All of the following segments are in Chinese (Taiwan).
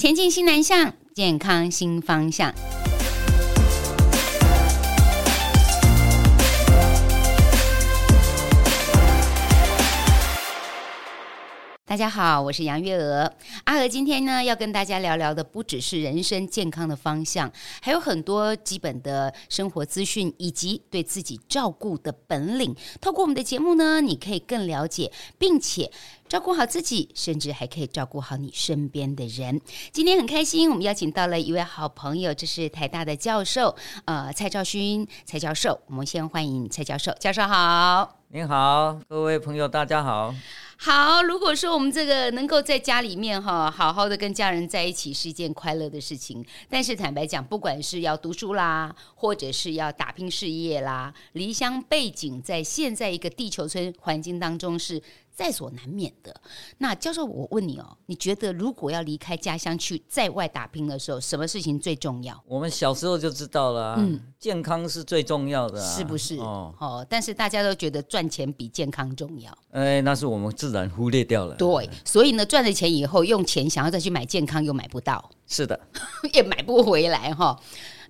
前進新南向，健康新方向。大家好，我是楊月娥。阿娥今天呢，要跟大家聊聊的不只是人生健康的方向，還有很多基本的生活資訊，以及對自己照顧的本領。透過我們的節目呢，你可以更了解，並且照顧好自己，甚至還可以照顧好你身邊的人。今天很開心，我們邀請到了一位好朋友，這是台大的教授，呃，蔡兆勳，蔡教授。我們先歡迎蔡教授，教授好。您好，各位朋友，大家好。好，如果說我們這個能夠在家裡面哈，好好的跟家人在一起，是一件快樂的事情。但是坦白講，不管是要讀書啦，或者是要打拼事業啦，離鄉背井，在現在一個地球村環境當中是。在所難免的。那教授，我問你哦，你覺得如果要離開家鄉去在外打拼的時候，什麼事情最重要？我們小時候就知道了、啊，嗯，健康是最重要的、啊，是不是？哦，但是大家都覺得賺錢比健康重要。哎，那是我們自然忽略掉了。對，所以呢，賺了錢以後，用錢想要再去買健康又買不到，是的， 也買不回來哈、哦。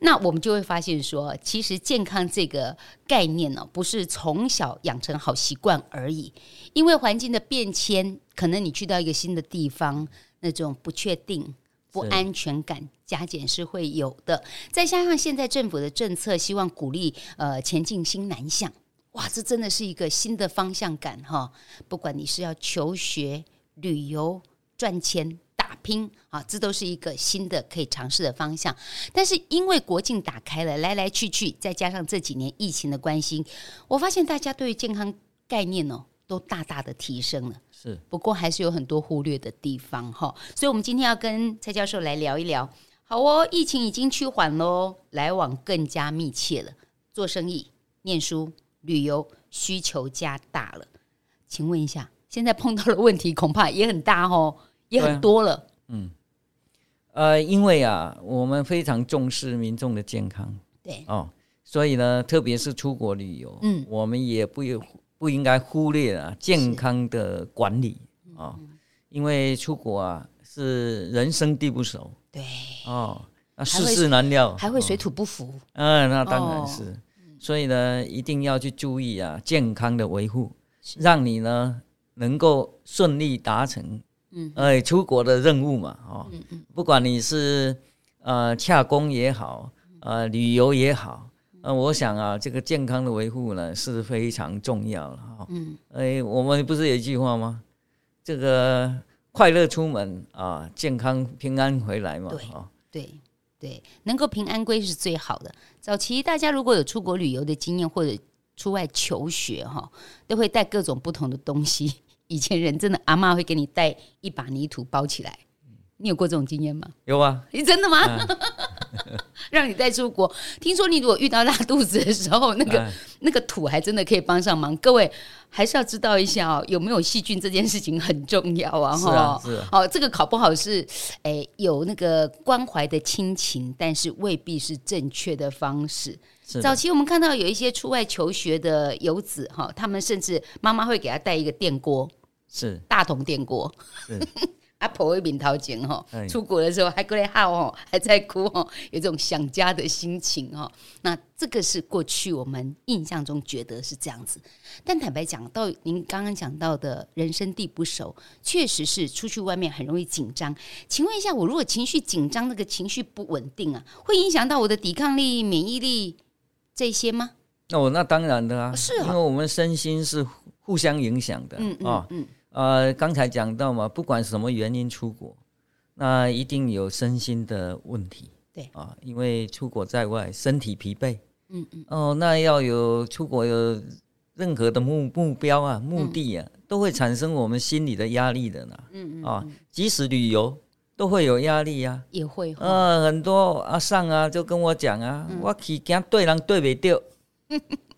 那我們就會發現說，說其實健康這個概念呢，不是從小養成好習慣而已。因為環境的變遷，可能你去到一個新的地方，那種不確定、不安全感加減是會有的。再加上現在政府的政策，希望鼓勵呃前進新南向，哇，這真的是一個新的方向感哈！不管你是要求學、旅遊、賺錢。聽啊，這都是一個新的可以嘗試的方向。但是因為國境打開了，來來去去，再加上這幾年疫情的關係，我發現大家對於健康概念呢都大大的提升了。是，不過還是有很多忽略的地方哈。所以，我們今天要跟蔡教授來聊一聊。好哦，疫情已經趨緩嘍，來往更加密切了，做生意、念書、旅遊需求加大了。請問一下，現在碰到的問題恐怕也很大哦，也很多了。嗯，呃，因為啊，我們非常重視民眾的健康，對哦，所以呢，特別是出國旅遊，嗯，我們也不不應該忽略啊健康的管理哦、嗯。因為出國啊是人生地不熟，對哦，那世事難料，還會，還會水土不服，嗯，嗯那當然是、哦，所以呢，一定要去注意啊健康的維護，讓你呢能夠順利達成。嗯，哎，出國的任務嘛，哦，嗯嗯，不管你是呃洽公也好，呃旅遊也好，呃，我想啊，這個健康的維護呢是非常重要的哈，哦。嗯，哎，我們不是有一句話嗎？這個快樂出門啊，健康平安回來嘛。對，對，對，能夠平安歸是最好的。早期大家如果有出國旅遊的經驗或者出外求學哈，都會帶各種不同的東西。以前人真的阿嬤會給你帶一把泥土包起來，你有過這種經驗嗎？有啊，你真的嗎？啊、 讓你帶出國，聽說你如果遇到拉肚子的時候，那個、啊、那個土還真的可以幫上忙。各位還是要知道一下哦，有沒有細菌這件事情很重要啊！哈、啊，是哦、啊，這個考不好是誒、欸、有那個關懷的親情，但是未必是正確的方式，是的。早期我們看到有一些出外求學的游子哈，他們甚至媽媽會給他帶一個電鍋。是大同電鍋、啊，阿婆會閩桃錢哈，出國的時候還過得好哦，還在哭哦，有這種想家的心情哦，那這個是過去我們印象中覺得是這樣子，但坦白講，到您剛剛講到的人生地不熟，確實是出去外面很容易緊張。請問一下，我如果情緒緊張，那個情緒不穩定啊，會影響到我的抵抗力、免疫力這些嗎？那、哦、我那當然的啊，哦、是、哦，啊，因為我們身心是互相影響的，嗯嗯嗯。哦呃，剛才講到嘛，不管什麼原因出國，那一定有身心的問題。對啊，因為出國在外，身體疲憊。嗯嗯。哦，那要有出國有任何的目目標啊、目的啊，嗯、都會產生我們心理的壓力的呢。嗯，嗯嗯。啊，即使旅遊都會有壓力呀、啊。也會、哦。呃，很多啊，上啊，就跟我講啊，嗯、我起驚對人對不對？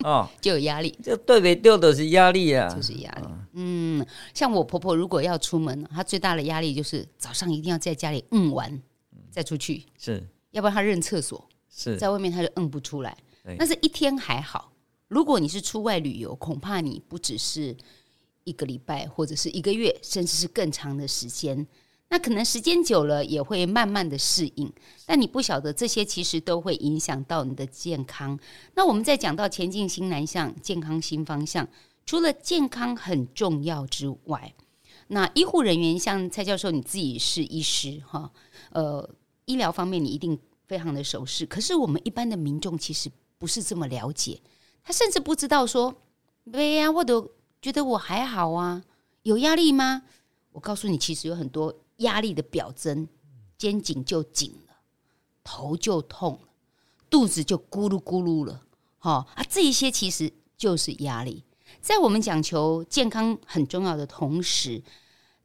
哦， 就有壓力，這對不掉的是壓力啊。就是壓力。嗯，像我婆婆如果要出門，她最大的壓力就是早上一定要在家裡摁完再出去，是要不然她認廁所是在外面，她就摁不出來。但是一天還好，如果你是出外旅遊，恐怕你不只是一個禮拜或者是一個月，甚至是更長的時間。那可能時間久了也會慢慢的適應，但你不曉得這些其實都會影響到你的健康。那我們在講到前進新南向健康新方向，除了健康很重要之外，那醫護人員像蔡教授你自己是醫師哈，呃，醫療方面你一定非常的熟悉。可是我們一般的民眾其實不是這麼了解，他甚至不知道說，對呀、啊，我都覺得我還好啊，有壓力嗎？我告訴你，其實有很多。壓力的表徵，肩頸就緊了，頭就痛了，肚子就咕嚕咕嚕了，哦，啊，這一些其實就是壓力。在我們講求健康很重要的同時，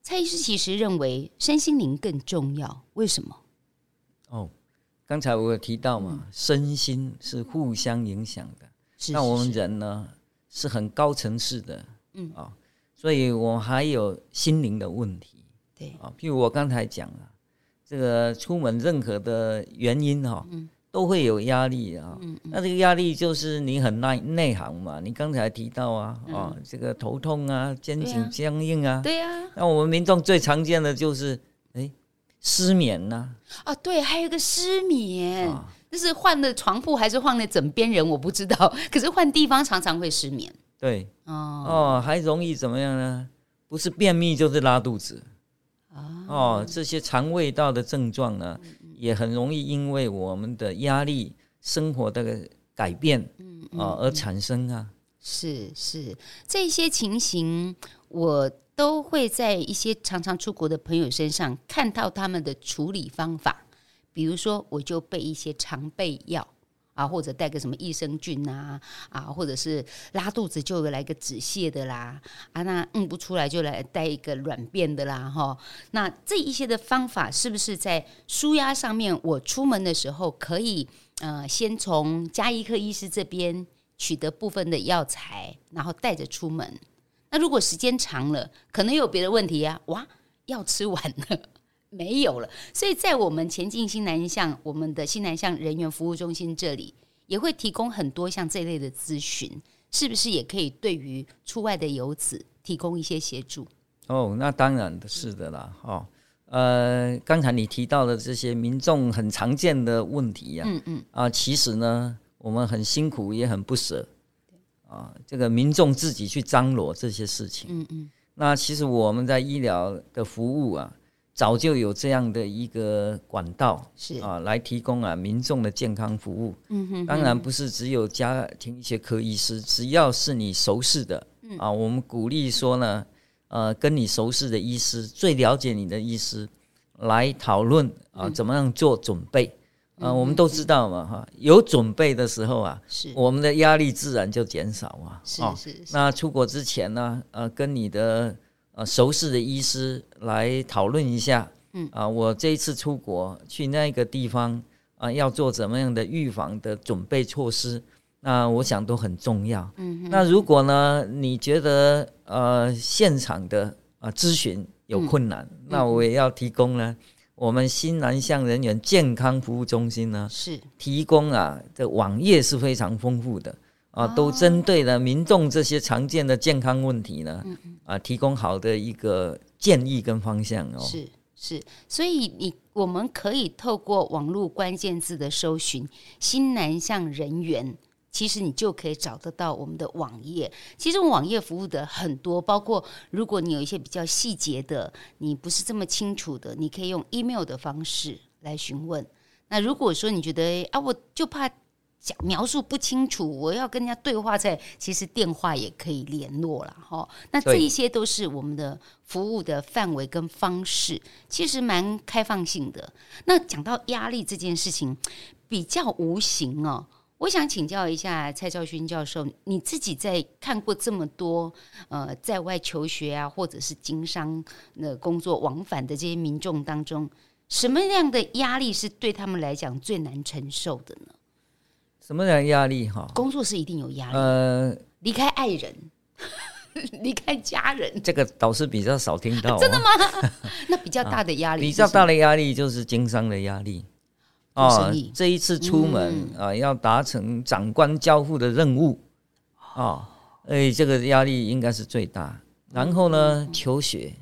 蔡醫師其實認為身心靈更重要。為什麼？哦，剛才我有提到嘛，嗯、身心是互相影響的。那我們人呢，是很高層次的，嗯、哦、所以我還有心靈的問題。對啊，譬如我剛才講了，這個出門任何的原因哈，都會有壓力啊、嗯。那這個壓力就是你很內內行嘛。你剛才提到啊，嗯、啊這個頭痛啊，肩頸僵硬啊，啊。對啊，那我們民眾最常見的就是哎、欸、失眠吶、啊。啊對，還有一個失眠，就、啊、是換了床鋪還是換了枕邊人我不知道。可是換地方常常會失眠。對。哦。哦，還容易怎麼樣呢？不是便秘就是拉肚子。哦，這些腸胃道的症狀呢，也很容易因為我們的壓力、生活的改變，啊而產生啊。嗯嗯嗯、是是，這些情形我都會在一些常常出國的朋友身上看到他們的處理方法，比如說我就備一些常備藥。啊，或者帶個什麼益生菌吶、啊，啊，或者是拉肚子就來個止瀉的啦，啊，那嗯不出來就來帶一個軟便的啦，哈。那這一些的方法是不是在舒壓上面？我出門的時候可以，呃，先從家醫科醫師這邊取得部分的藥材，然後帶着出門。那如果時間長了，可能有別的問題呀、啊，哇，藥吃完了。沒有了，所以在我們前進新南向，我們的新南向人員服務中心這裡，也會提供很多像這類的諮詢，是不是也可以對於出外的游子提供一些協助？哦，那當然是的啦，哦，呃，剛才你提到的這些民眾很常見的問題呀，嗯嗯，啊，啊，其實呢，我們很辛苦，也很不捨，啊，這個民眾自己去張羅這些事情，嗯嗯，那其實我們在醫療的服務啊。早就有這樣的一個管道，是啊，來提供啊民眾的健康服務。嗯哼，當然不是只有家庭醫學科醫師，只要是你熟識的，啊，我們鼓勵說呢，呃，跟你熟識的醫師，最了解你的醫師來討論啊，怎麼樣做準備？啊，我們都知道嘛，哈，有準備的時候啊，是我們的壓力自然就減少啊。是是，那出國之前呢，啊，呃，跟你的。呃，熟悉的醫師來討論一下。嗯，啊，我這一次出國去那個地方啊，要做怎麼樣的預防的準備措施？那我想都很重要。嗯，那如果呢，你覺得呃，現場的啊諮詢有困難，嗯，那我也要提供呢，嗯，我們新南向人員健康服務中心呢，是提供啊這網頁是非常豐富的。啊，都針對了民眾這些常見的健康問題呢，嗯、啊，提供好的一個建議跟方向哦是是是，所以你我們可以透過網絡關鍵字的搜尋“新南向人員”，其實你就可以找得到我們的網頁。其實網頁服務的很多，包括如果你有一些比較細節的，你不是這麼清楚的，你可以用 email 的方式來詢問。那如果說你覺得啊，我就怕。描述不清楚，我要跟人家對話在，在其實電話也可以聯絡了哈。那這一些都是我們的服務的範圍跟方式，其實蠻開放性的。那講到壓力這件事情，比較無形哦。我想請教一下蔡兆勳教授，你自己在看過這麼多呃在外求學啊，或者是經商的工作往返的這些民眾當中，什麼樣的壓力是對他們來講最難承受的呢？什麼叫壓力？哈，工作是一定有壓力。呃，離開愛人，離開家人，這個倒是比較少聽到、哦。真的嗎？那比較大的壓力是，比較大的壓力就是經商的壓力。哦，這一次出門、嗯、啊，要達成長官交付的任務、嗯、啊，哎、欸，這個壓力應該是最大。然後呢嗯嗯嗯，求學，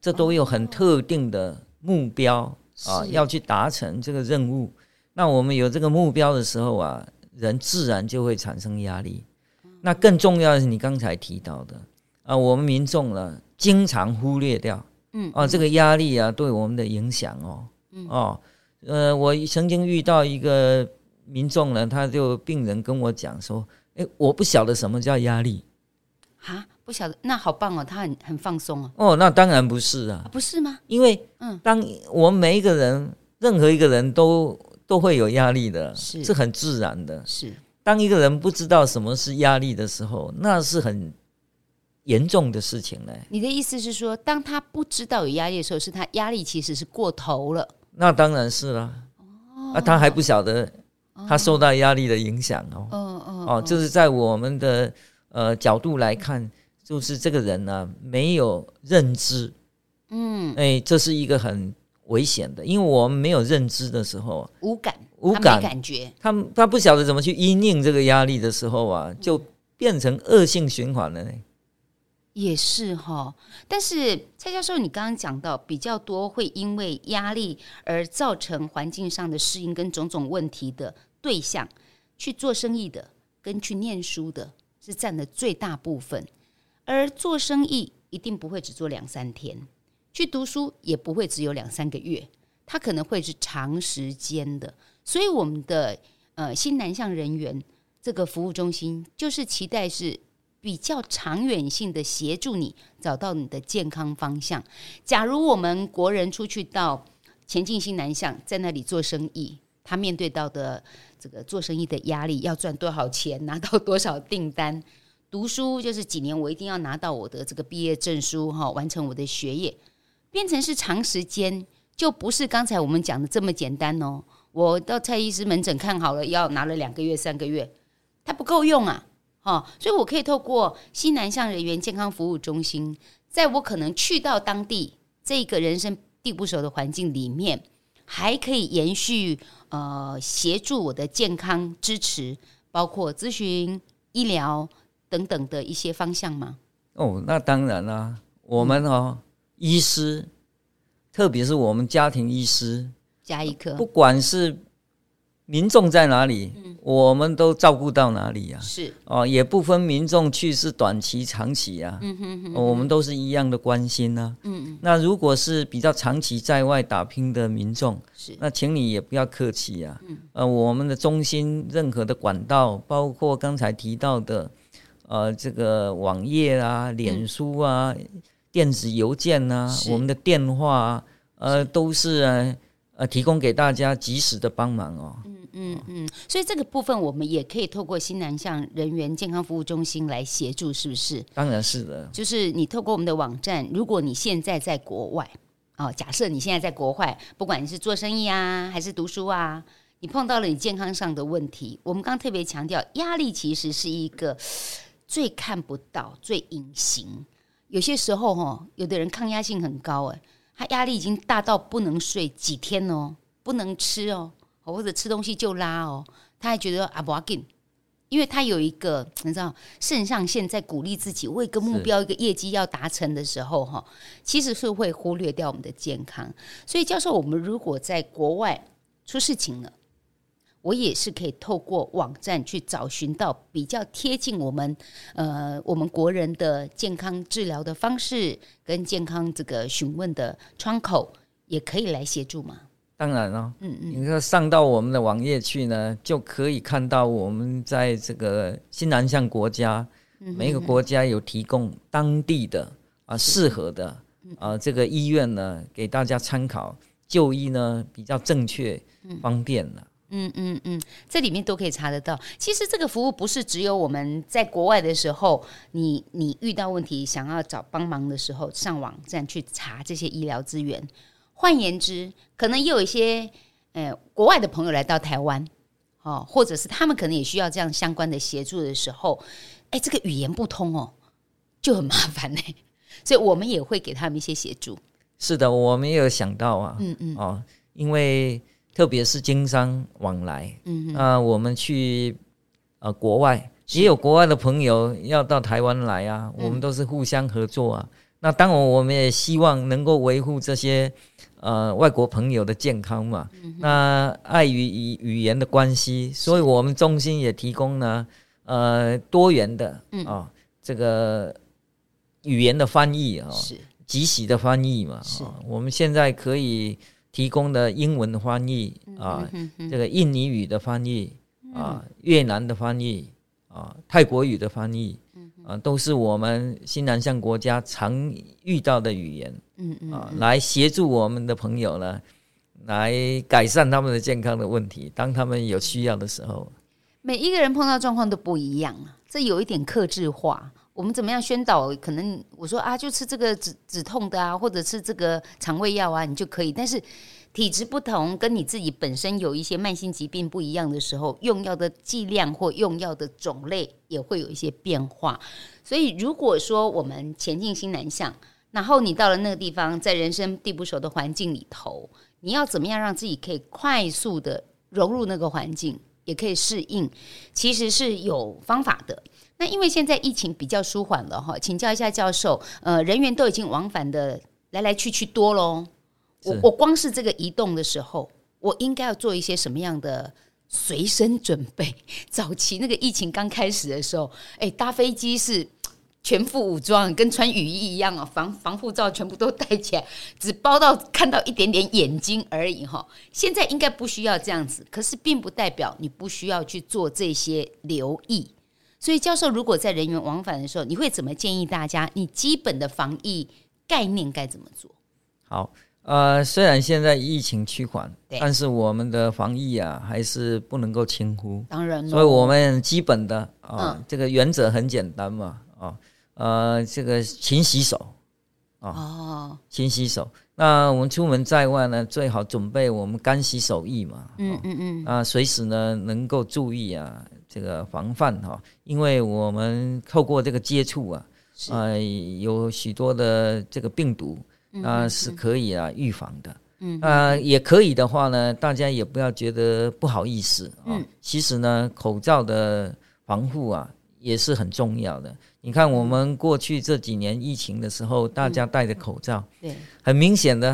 這都有很特定的目標、哦、啊，要去達成這個任務。那我們有這個目標的時候啊。人自然就會產生壓力，那更重要的是你剛才提到的啊、呃，我們民眾呢、啊、經常忽略掉，嗯啊、哦，這個壓力啊對我們的影響哦，嗯、哦呃，我曾經遇到一個民眾呢，他就病人跟我講說，哎、欸，我不曉得什麼叫壓力啊，不曉得那好棒哦，他很很放鬆哦，哦，那當然不是啊，啊不是嗎？嗯、因為嗯，當我們每一個人，任何一個人都。都會有壓力的是，是很自然的。是當一個人不知道什麼是壓力的時候，那是很嚴重的事情嘞。你的意思是說，當他不知道有壓力的時候，是他壓力其實是過頭了？那當然是啦、啊。哦，那、啊、他還不曉得他受到壓力的影響哦。哦哦哦，就是在我們的呃角度來看，就是這個人呢、啊、沒有認知。嗯，誒、欸，這是一個很。危險的，因為我們沒有認知的時候，無感，無感，他沒感覺，他他不曉得怎麼去因應這個壓力的時候啊，就變成惡性循環了、欸。也是哈、哦，但是蔡教授你剛剛講，你剛剛講到比較多會因為壓力而造成環境上的適應跟種種問題的對象，去做生意的，跟去念書的，是占的最大部分。而做生意一定不會只做兩三天。去讀書也不會只有兩三個月，他可能會是長時間的。所以我們的呃新南向人員這個服務中心就是期待是比較長遠性的協助你，找到你的健康方向。假如我們國人出去到前進新南向，在那裡做生意，他面對到的這個做生意的壓力，要賺多少錢，拿到多少訂單？讀書就是幾年，我一定要拿到我的這個畢業證書哈、哦，完成我的學業。變成是長時間，就不是剛才我們講的這麼簡單哦、喔。我到蔡醫師門診看好了，要拿了兩個月、三個月，它不夠用啊，哦，所以我可以透過新南向人員健康服務中心，在我可能去到當地這個人生地不熟的環境裡面，還可以延續呃協助我的健康支持，包括諮詢、醫療等等的一些方向嗎？哦，那當然啦、啊，我們哦、嗯。醫師，特別是我們家庭醫師，加一科、呃、不管是民眾在哪裡、嗯，我們都照顧到哪裡啊，是哦、呃，也不分民眾去是短期、長期啊、嗯哼哼哼呃，我們都是一樣的關心吶、啊嗯嗯。那如果是比較長期在外打拼的民眾，是那，請你也不要客氣啊、嗯。呃，我們的中心任何的管道，包括剛才提到的，呃，這個網頁啊，臉書啊。嗯電子郵件呢、啊，我們的電話、啊、呃，是都是、啊、呃提供給大家及時的幫忙哦。嗯嗯嗯，所以這個部分我們也可以透過新南向人員健康服務中心來協助，是不是？當然是的。就是你透過我們的網站，如果你現在在國外哦，假設你現在在國外，不管你是做生意啊，還是讀書啊，你碰到了你健康上的問題，我們剛剛特別強調，壓力其實是一個最看不到、最隱形。有些時候，哈，有的人抗壓性很高，哎，他壓力已經大到不能睡幾天哦，不能吃哦，或者吃東西就拉哦，他還覺得啊，不要緊，因為他有一個，你知道，腎上腺在鼓勵自己為一個目標、一個業績要達成的時候，哈，其實是會忽略掉我們的健康。所以，教授，我們如果在國外出事情了。我也是可以透過網站去找尋到比較貼近我們呃、我們國人的健康治療的方式跟健康這個詢問的窗口，也可以來協助嗎？當然了，嗯嗯，你說上到我們的網頁去呢，嗯嗯，就可以看到我們在這個新南向國家，嗯、哼哼，每一個國家有提供當地的啊，適合的啊，這個醫院呢，給大家參考就醫呢比較正確、嗯、方便了。嗯嗯嗯，這裡面都可以查得到。其實這個服務不是只有我們在國外的時候你，你你遇到問題想要找幫忙的時候，上網站去查這些醫療資源。換言之，可能也有一些呃、欸、國外的朋友來到台灣，哦、喔，或者是他們可能也需要這樣相關的協助的時候，哎、欸，這個語言不通哦、喔，就很麻煩呢、欸。所以我們也會給他們一些協助。是的，我們也有想到啊，嗯嗯，哦、喔，因為。特別是經商往來，嗯啊、呃，我們去呃國外，也有國外的朋友要到台灣來啊、嗯，我們都是互相合作啊。那當然，我們也希望能夠維護這些呃外國朋友的健康嘛。嗯、那礙於語語言的關係，所以我們中心也提供了呃多元的啊、嗯哦、這個語言的翻譯啊、哦，及時的翻譯嘛。是、哦，我們現在可以。提供的英文翻譯啊、嗯哼哼，這個印尼語的翻譯啊、嗯，越南的翻譯啊，泰國語的翻譯啊，都是我們新南向國家常遇到的語言嗯，嗯，嗯、啊，來協助我們的朋友呢，來改善他們的健康的問題。當他們有需要的時候，每一個人碰到狀況都不一樣啊，這有一點客製化。我們怎麼樣宣導？可能我說啊，就吃這個止止痛的啊，或者吃這個腸胃藥啊，你就可以。但是體質不同，跟你自己本身有一些慢性疾病不一樣的時候，用藥的劑量或用藥的種類也會有一些變化。所以，如果說我們前進新南向，然後你到了那個地方，在人生地不熟的環境裡頭，你要怎麼樣讓自己可以快速的融入那個環境，也可以適應，其實是有方法的。那因為現在疫情比較舒緩了哈，請教一下教授，呃，人員都已經往返的來來去去多嘍。我我光是這個移動的時候，我應該要做一些什麼樣的隨身準備？早期那個疫情剛開始的時候，誒、欸，搭飛機是全副武裝，跟穿雨衣一樣啊，防防護罩全部都戴起來，只包到看到一點點眼睛而已哈。現在應該不需要這樣子，可是並不代表你不需要去做這些留意。所以，教授，如果在人員往返的時候，你會怎麼建議大家？你基本的防疫概念該怎麼做？好，呃，雖然現在疫情趨緩，但是我們的防疫啊，還是不能夠輕忽。當然，所以我們基本的啊、呃嗯，這個原則很簡單嘛，啊，呃，這個勤洗手啊、呃哦，勤洗手。那我們出門在外呢，最好準備我們乾洗手液嘛。嗯嗯嗯。啊、嗯，隨時呢能夠注意啊，這個防範哈、啊，因為我們透過這個接觸啊，啊、呃，有許多的這個病毒、嗯嗯嗯、啊，是可以啊預防的。嗯。啊、嗯呃，也可以的話呢，大家也不要覺得不好意思啊。嗯。其實呢，口罩的防護啊。也是很重要的。你看，我們過去這幾年疫情的時候，大家戴着口罩、嗯，對，很明顯的，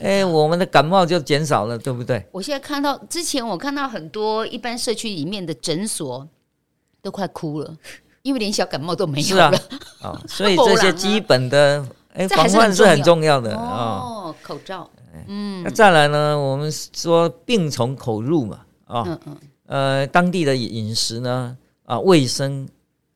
哎、欸，我們的感冒就減少了，對不對？我現在看到，之前我看到很多一般社區裡面的診所都快哭了，因為連小感冒都沒有了。是啊、 哦、所以這些基本的哎、啊，防範是很重要的啊。哦，口罩。嗯，那、啊、再來呢？我們說病從口入嘛，啊、哦嗯嗯，呃，當地的飲食呢，啊，衛生。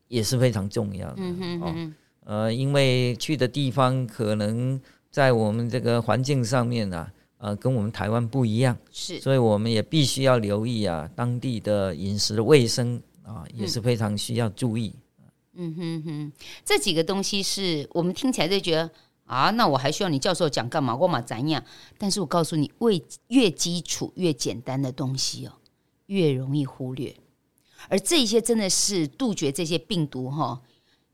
也是非常重要的嗯哼哼，呃，因為去的地方可能在我們這個環境上面啊，呃，跟我們台灣不一樣，是，所以我們也必須要留意啊，當地的飲食衛生啊，也是非常需要注意嗯。嗯哼哼，這幾個東西是我們聽起來就覺得啊，那我還需要你教授講幹嘛？我嘛，怎樣。但是我告訴你，為越基礎越簡單的東西哦，越容易忽略。而這些真的是杜絕這些病毒哈、哦，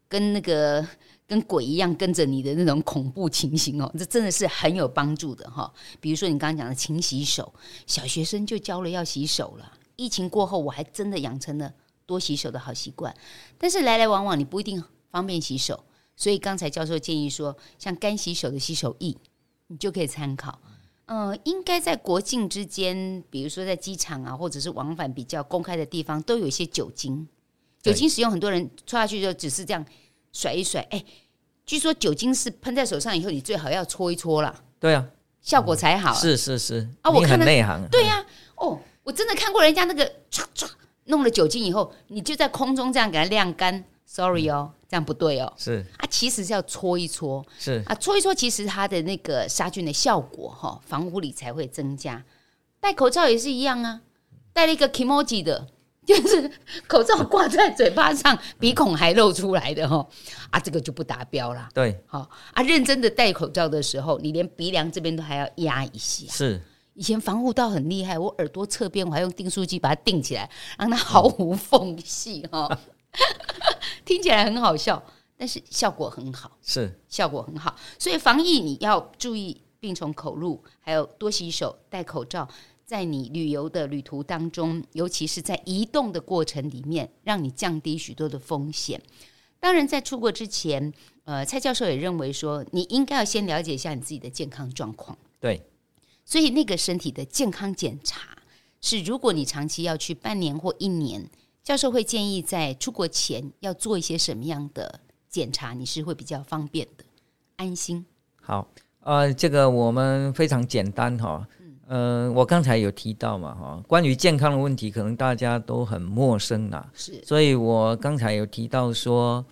跟那個跟鬼一樣跟着你的那種恐怖情形哦，這真的是很有幫助的哈、哦。比如說你剛剛講的勤洗手，小學生就教了要洗手了。疫情過後，我還真的養成了多洗手的好習慣。但是來來往往你不一定方便洗手，所以剛才教授建議說，像乾洗手的洗手液，你就可以參考。嗯、呃，應該在國境之間，比如說在機場啊，或者是往返比較公開的地方，都有一些酒精。酒精使用很多人搓下去就只是這樣甩一甩。哎、欸，據說酒精是噴在手上以後，你最好要搓一搓了。對啊，效果才好、欸。是是是。啊，我很內行。對呀、啊嗯，哦，我真的看過人家那個叉叉弄了酒精以後，你就在空中這樣給它晾乾。Sorry 哦。嗯這樣不對哦、喔，是啊，其實是要搓一搓，是啊，搓一搓，其實它的那個殺菌的效果哈，防護力才會增加。戴口罩也是一樣啊，戴了一個 Kimoji 的，就是口罩掛在嘴巴上，鼻孔還露出來的哈、嗯，啊，這個就不達標了。對，好啊，認真的戴口罩的時候，你連鼻梁這邊都還要壓一下、啊。是，以前防護到很厲害，我耳朵側邊我還用訂書機把它釘起來，讓它毫無縫隙哈。嗯哦啊 聽起來很好笑，但是效果很好，是效果很好。所以防疫你要注意病從口入，還有多洗手、戴口罩，在你旅遊的旅途當中，尤其是在移動的過程裡面，讓你降低許多的風險。當然，在出國之前，呃，蔡教授也認為說，你應該要先了解一下你自己的健康狀況。對，所以那個身體的健康檢查是，如果你長期要去半年或一年。教授會建議在出國前要做一些什麼樣的檢查？你是會比較方便的，安心。好，呃，這個我們非常簡單哈。嗯，呃，我剛才有提到嘛，哈，關於健康的問題，可能大家都很陌生啦。是，所以我剛才有提到說，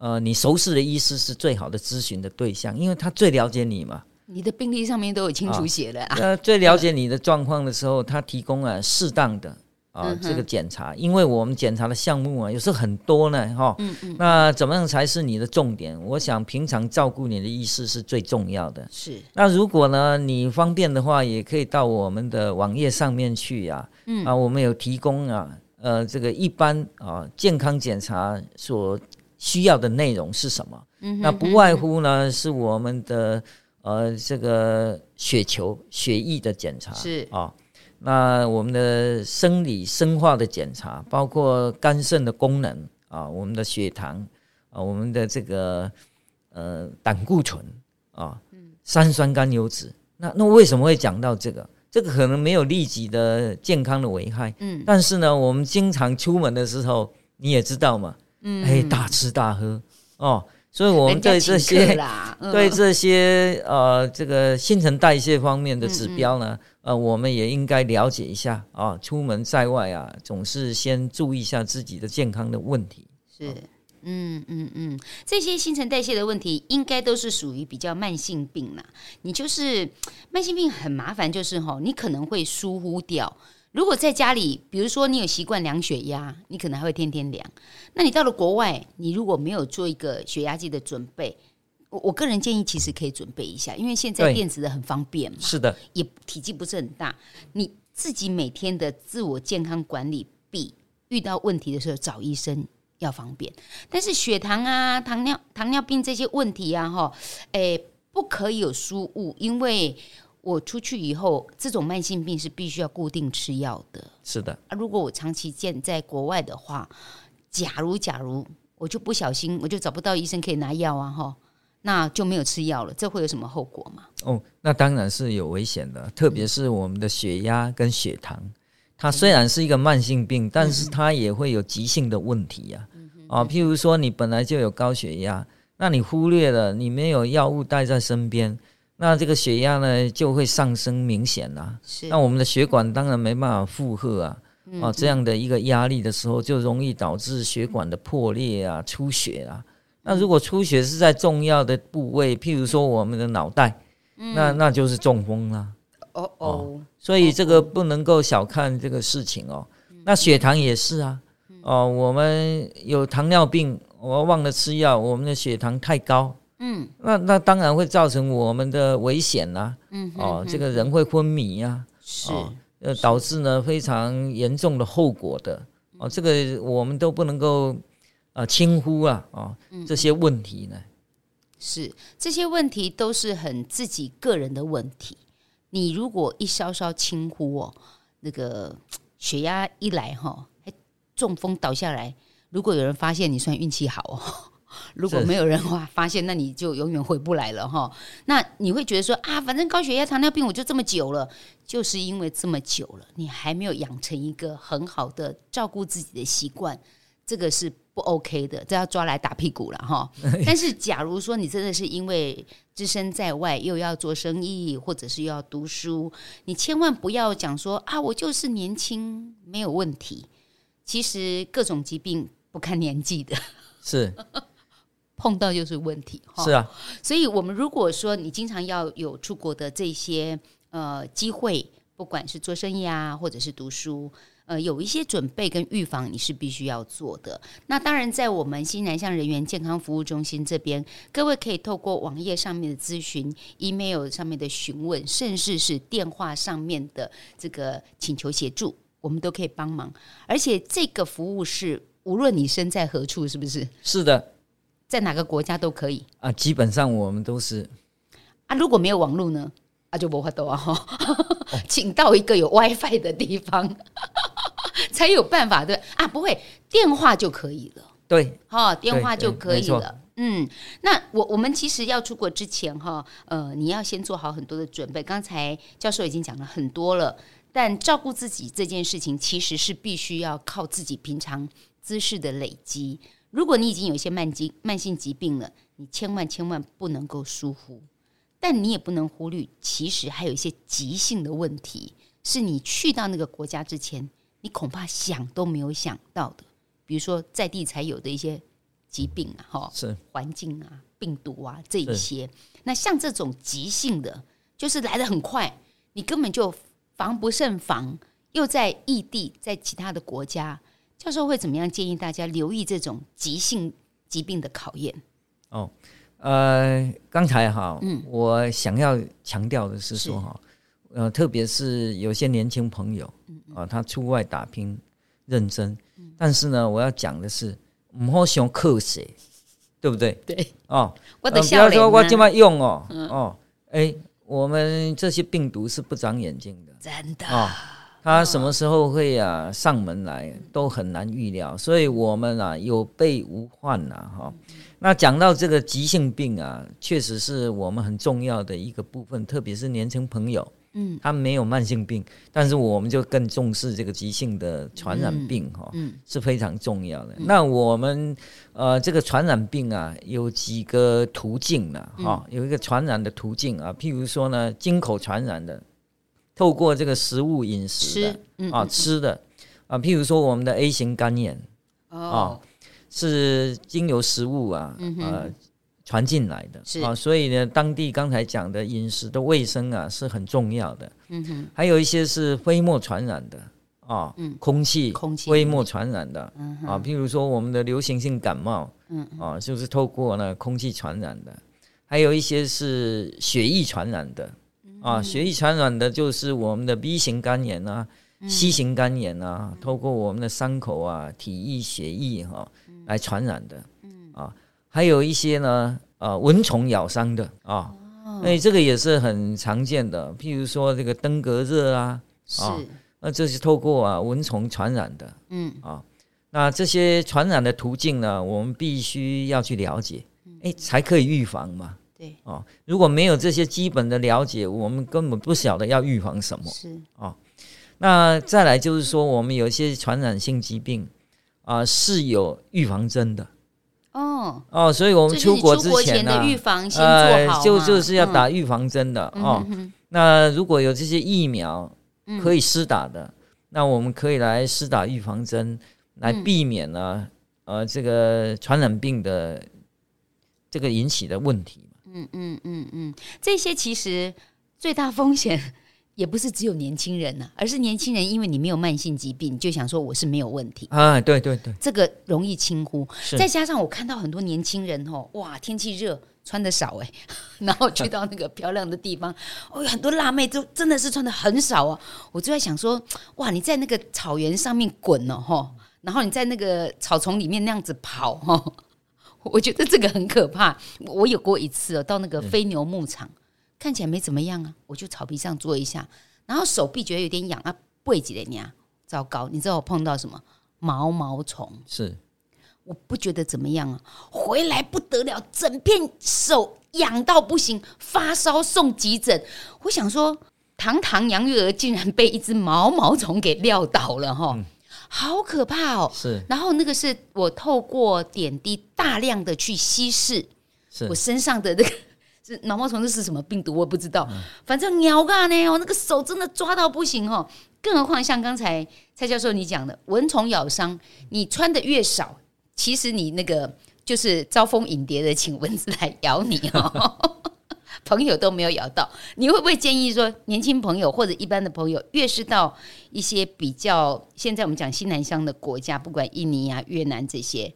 呃，你熟識的醫師是最好的諮詢的對象，因為他最了解你嘛。你的病歷上面都有清楚寫的啊。哦，他最了解你的狀況的時候，他提供了，啊，適當的。啊，這個檢查，嗯，因為我們檢查的項目啊，有時候很多呢，哈、嗯嗯。那怎麼樣才是你的重點？我想平常照顧你的意思是最重要的。是。那如果呢，你方便的話，也可以到我們的網頁上面去呀、啊嗯。啊，我們有提供啊，呃，這個一般啊健康檢查所需要的內容是什麼、嗯？那不外乎呢，是我們的呃這個血球、血液的檢查是啊。那我們的生理生化的檢查，包括肝腎的功能啊，我們的血糖啊，我們的這個呃膽固醇啊，三酸甘油脂。那那為什麼會講到這個？這個可能沒有立即的健康的危害。嗯。但是呢，我們經常出門的時候，你也知道嘛。嗯。哎，大吃大喝哦，所以我們在這些對這些，嗯，對這些呃這個新陳代謝方面的指標呢。嗯嗯呃，我們也應該了解一下啊。出門在外啊，總是先注意一下自己的健康的問題。啊、是，嗯嗯嗯，這些新陳代謝的問題應該都是屬於比較慢性病啦。你就是慢性病很麻煩，就是吼你可能會疏忽掉。如果在家裡，比如說你有習慣量血壓，你可能還會天天量。那你到了國外，你如果沒有做一個血壓計的準備。我個人建議，其實可以準備一下，因為現在電子的很方便嘛，是的，也體積不是很大。你自己每天的自我健康管理必，比遇到問題的時候找醫生要方便。但是血糖啊、糖尿、糖尿病這些問題啊，哈，誒，不可以有疏誤，因為我出去以後，這種慢性病是必須要固定吃藥的。是的，啊，如果我長期健在國外的話，假如假如我就不小心，我就找不到醫生可以拿藥啊，哈。那就沒有吃藥了，這會有什麼後果嗎？哦，那當然是有危險的，特別是我們的血壓跟血糖，它雖然是一個慢性病，但是它也會有急性的問題呀。哦，譬如說你本來就有高血壓，那你忽略了，你沒有藥物帶在身邊，那這個血壓呢就會上升明顯吶。那我們的血管當然沒辦法負荷啊，啊這樣的一個壓力的時候，就容易導致血管的破裂啊、出血啊。那如果出血是在重要的部位，譬如說我們的腦袋，嗯、那那就是中風了、啊。哦哦，哦，哦，所以這個不能夠小看這個事情哦。嗯、那血糖也是啊、嗯，哦，我們有糖尿病，我忘了吃藥，我們的血糖太高。嗯，那那當然會造成我們的危險啦、啊。嗯哼哼哦，這個人會昏迷呀、啊嗯哦，是呃導致呢非常嚴重的後果的。哦，這個我們都不能夠。啊，輕忽啊，啊，這些問題呢，嗯、是這些問題都是很自己個人的問題。你如果一稍稍輕忽哦，那個血壓一來哈，還中風倒下來。如果有人發現，你算運氣好哦；如果沒有人發發現，那你就永遠回不來了哈。那你會覺得說啊，反正高血壓、糖尿病，我就這麼久了，就是因為這麼久了，你還沒有養成一個很好的照顧自己的習慣。這個是不 OK 的，這要抓來打屁股了哈。但是，假如說你真的是因為隻身在外，又要做生意，或者是又要讀書，你千萬不要講說啊，我就是年輕沒有問題。其實，各種疾病不看年紀的，是碰到就是問題。哈，是啊，所以我們如果說你經常要有出國的這些呃機會，不管是做生意啊，或者是讀書。呃，有一些準備跟預防，你是必須要做的。那當然，在我們新南向人員健康服務中心這邊，各位可以透過網頁上面的諮詢、email 上面的詢問，甚至是電話上面的這個請求協助，我們都可以幫忙。而且這個服務是無論你身在何處，是不是？是的，在哪個國家都可以啊。基本上我們都是啊。如果沒有網絡呢？啊就、喔，就沒辦法了啊。請到一個有 WiFi 的地方。 才有辦法對，對啊，不會電話就可以了。對，哈、哦，電話就可以了。嗯，那我我們其實要出國之前哈，呃，你要先做好很多的準備。剛才教授已經講了很多了，但照顧自己這件事情其實是必須要靠自己平常知識的累積。如果你已經有一些慢疾慢性疾病了，你千萬千萬不能夠疏忽，但你也不能忽略，其實還有一些急性的問題是你去到那個國家之前。你恐怕想都沒有想到的，比如說在地才有的一些疾病啊、嗯，是環境啊、病毒啊這一些。那像這種急性的，就是來得很快，你根本就防不勝防。又在異地，在其他的國家，教授會怎麼樣建議大家留意這種急性疾病的考驗？哦，呃，剛才哈，嗯，我想要強調的是說哈。呃，特別是有些年輕朋友啊、呃，他出外打拼，認真、嗯。但是呢，我要講的是，莫想可惜，對不對？對。哦、不、呃、要、啊、說我這麼用哦、嗯、哦、欸。我們這些病毒是不長眼睛的，真的。啊、哦，他什麼時候會啊、哦、上門來，都很難預料。所以我們啊有備無患啊哈、哦嗯。那講到這個急性病啊，確實是我們很重要的一個部分，特別是年輕朋友。嗯，他們沒有慢性病，但是我們就更重視這個急性的傳染病哈、嗯哦，是非常重要的。嗯嗯、那我們呃，這個傳染病啊，有幾個途徑呢、啊？哈、哦，有一個傳染的途徑啊，譬如說呢，經口傳染的，透過這個食物飲食的、嗯、啊，吃的啊、呃，譬如說我們的 A 型肝炎、哦、啊，是經由食物啊，啊、嗯。呃傳進來的啊，所以呢，當地，剛才講的飲食的衛生啊，是很重要的。嗯，還有一些是飛沫傳染的啊，空、嗯、氣，空氣，飛沫傳染的、嗯、啊，譬如說我們的流行性感冒，嗯，啊，就是透過那空氣傳染的、嗯。還有一些是血液傳染的啊、嗯，血液傳染的就是我們的 B 型肝炎啊、嗯、C 型肝炎啊，嗯、透過我們的傷口啊、體液、血液哈、啊嗯、來傳染的。還有一些呢，呃，蚊蟲咬傷的啊，那、哦、這個也是很常見的。譬如說這個登革熱啊，是、哦，那這是透過啊蚊蟲傳染的，嗯啊、哦，那這些傳染的途徑呢，我們必須要去了解，哎、嗯，才可以預防嘛。對，哦，如果沒有這些基本的了解，我們根本不曉得要預防什麼。是啊、哦，那再來就是說，我們有一些傳染性疾病啊、呃、是有預防針的。哦哦，所以我們出國之前呢、啊，預、就是、防先做好、呃、就就是要打預防針的哦、嗯哼哼。那如果有這些疫苗可以施打的，嗯、那我們可以來施打預防針，來避免呢、啊嗯、呃這個傳染病的這個引起的問題。嗯嗯嗯嗯，這些其實最大風險。也不是只有年輕人吶、啊，而是年輕人因為你沒有慢性疾病，就想說我是沒有問題啊。對對對，這個容易輕忽。再加上我看到很多年輕人哦，哇，天氣熱穿得少哎，然後去到那個漂亮的地方， 哦，很多辣妹都真的是穿得很少哦、啊，我就在想說，哇，你在那個草原上面滾哦，然後你在那個草叢裡面那樣子跑哦，我覺得這個很可怕。我有過一次哦，到那個飛牛牧場。嗯看起來沒怎麼樣啊，我就草皮上坐一下，然後手臂覺得有點癢啊，背脊的呢，糟糕！你知道我碰到什麼？毛毛蟲是，我不覺得怎麼樣啊，回來不得了，整片手癢到不行，發燒送急診。我想說，堂堂楊月娥竟然被一隻毛毛蟲給撂倒了哈、嗯，好可怕哦、喔！是，然後那個是我透過點滴大量的去稀釋，我身上的那個。是毛毛蟲，這是什麼病毒？我不知道、嗯。反正咬乾呢，我那個手真的抓到不行哦。更何況像剛才蔡教授你講的，蚊蟲咬傷，你穿的越少，其實你那個就是招蜂引蝶的，請蚊子來咬你哦。 朋友都沒有咬到，你會不會建議說，年輕朋友或者一般的朋友，越是到一些比較現在我們講新南向的國家，不管印尼啊、越南這些。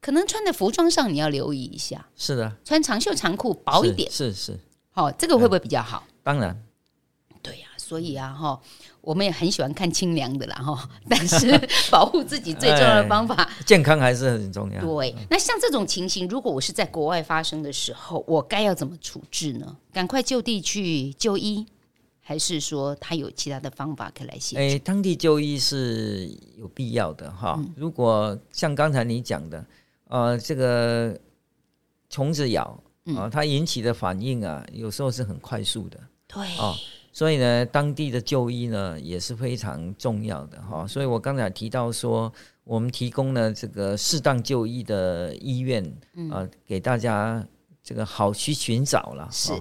可能穿在服裝上，你要留意一下。是的，穿長袖長褲薄一點。是是，好、哦，這個會不會比較好？嗯、當然，對呀、啊，所以啊，哈，我們也很喜歡看清涼的啦，哈。但是保護自己最重要的方法、 哎，健康還是很重要。對、嗯，那像這種情形，如果我是在國外發生的時候，我該要怎麼處置呢？趕快就地去就醫，還是說他有其他的方法可以來？哎、欸，當地就醫是有必要的，哈、哦嗯。如果像剛才你講的。呃，這個蟲子咬啊、呃，它引起的反應啊，有時候是很快速的，對啊、哦，所以呢，當地的就醫呢也是非常重要的哈、哦。所以我剛才提到說，我們提供了這個適當就醫的醫院啊、嗯呃，給大家這個好去尋找了。哈。是。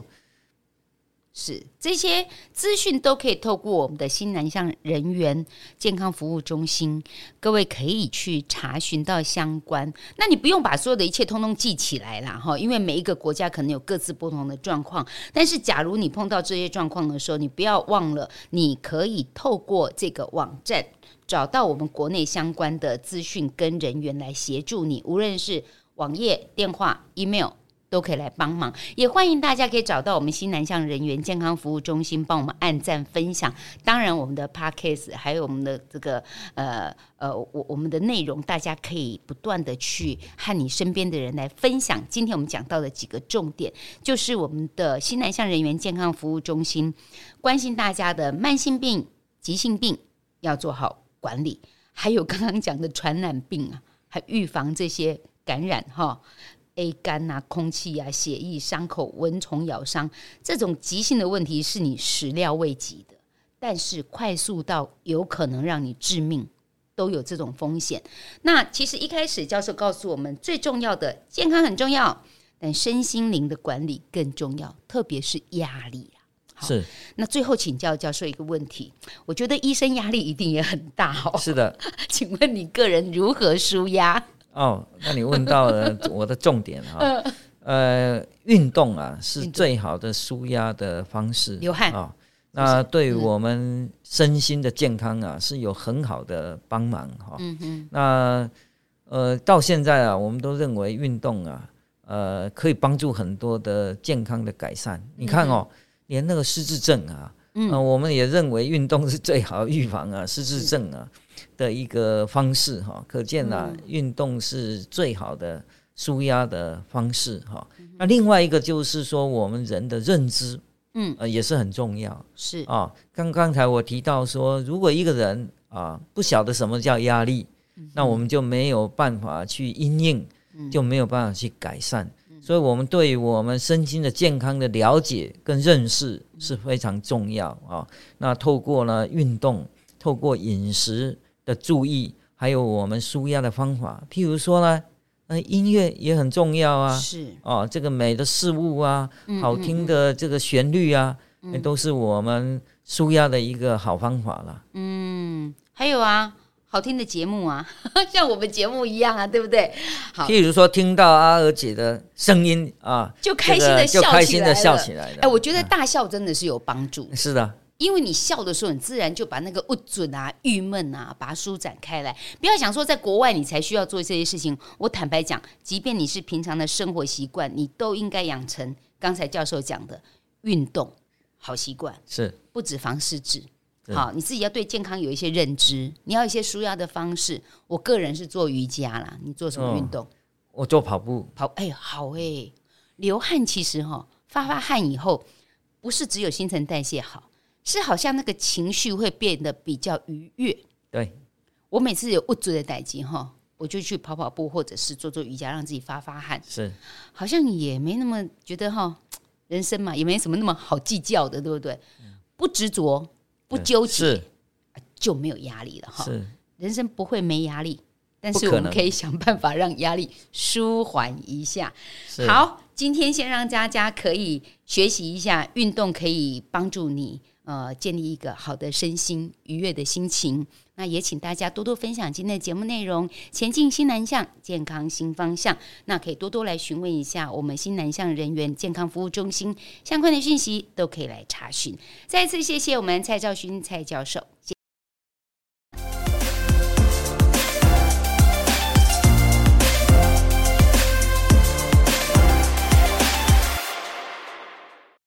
是，這些資訊都可以透過我們的新南向人員健康服務中心，各位可以去查詢到相關。那你不用把所有的一切通通記起來啦。哈，因為每一個國家可能有各自不同的狀況。但是，假如你碰到這些狀況的時候，你不要忘了，你可以透過這個網站找到我們國內相關的資訊跟人員來協助你，無論是網頁、電話、email。都可以來幫忙，也歡迎大家可以找到我們新南向人員健康服務中心，幫我們按贊分享。當然，我們的 podcast 還有我們的這個呃呃，我我們的內容，大家可以不斷的去和你身邊的人來分享。今天我們講到的幾個重點，就是我們的新南向人員健康服務中心關心大家的慢性病、急性病要做好管理，還有剛剛講的傳染病啊，還預防這些感染哈。A 肝、啊、空氣呀、啊，血液、傷口、蚊蟲咬傷，這種急性的問題是你始料未及的，但是快速到有可能讓你致命，都有這種風險。那其實一開始教授告訴我們，最重要的健康很重要，但身心靈的管理更重要，特別是壓力啊。好，是。那最後請教教授一個問題，我覺得醫生壓力一定也很大哦。是的， 請問你個人如何舒壓？哦，那你問到了我的重點哈， 呃，運動啊是最好的舒壓的方式，流汗啊，那對我們身心的健康啊是有很好的幫忙哈。嗯嗯，那呃到現在啊，我們都認為運動啊，呃，可以幫助很多的健康的改善。你看哦，連那個失智症啊，那、嗯、呃、我們也認為運動是最好的預防啊失智症啊。的一個方式哈，可見吶，嗯、運動是最好的舒壓的方式哈。那另外一個就是說，我們人的認知，嗯，呃、也是很重要。是啊，剛剛才我提到說，如果一個人啊不曉得什麼叫壓力，嗯，那我們就沒有辦法去因應，就沒有辦法去改善。嗯、所以，我們對我們身心的健康的了解跟認識是非常重要啊。那透過呢運動，透過飲食。的注意，還有我們舒壓的方法，譬如說呢，那、呃、音樂也很重要啊，是哦，這個美的事物啊，好聽的這個旋律啊，那、嗯嗯嗯、都是我們舒壓的一個好方法了。嗯，還有啊，好聽的節目啊，像我們節目一樣啊，對不對？好譬如說，聽到阿爾姐的聲音啊，就開心的笑，開心的笑起來了，哎、這個欸，我覺得大笑真的是有幫助、啊。是的。因為你笑的時候，你自然就把那個不准啊、鬱悶啊，把它舒展開來。不要想說在國外你才需要做這些事情。我坦白講，即便你是平常的生活習慣，你都應該養成剛才教授講的運動好習慣。是不止防失智？好，你自己要對健康有一些認知，你要有一些舒壓的方式。我個人是做瑜伽啦，你做什麼運動、哦？我做跑步，跑、哎好哎，流汗其實哈、喔，發發汗以後，不是只有新陳代謝好。是好像那個情緒會變得比較愉悅。對，我每次有鬱卒的代誌哈，我就去跑跑步或者是做做瑜伽，讓自己發發汗。是，好像也沒那麼覺得哈，人生嘛，也沒什麼那麼好計較的，對不對？不執着，不糾結，就沒有壓力了哈。是，人生不會沒壓力，但是我們可以想辦法讓壓力舒緩一下。好，今天先讓大家可以學習一下，運動可以幫助你。呃，建立一個好的身心愉悅的心情，那也請大家多多分享今天的節目內容。前進新南向，健康新方向，那可以多多來詢問一下我們新南向人員健康服務中心相關的信息，都可以來查詢。再次謝謝我們蔡兆勳蔡教授。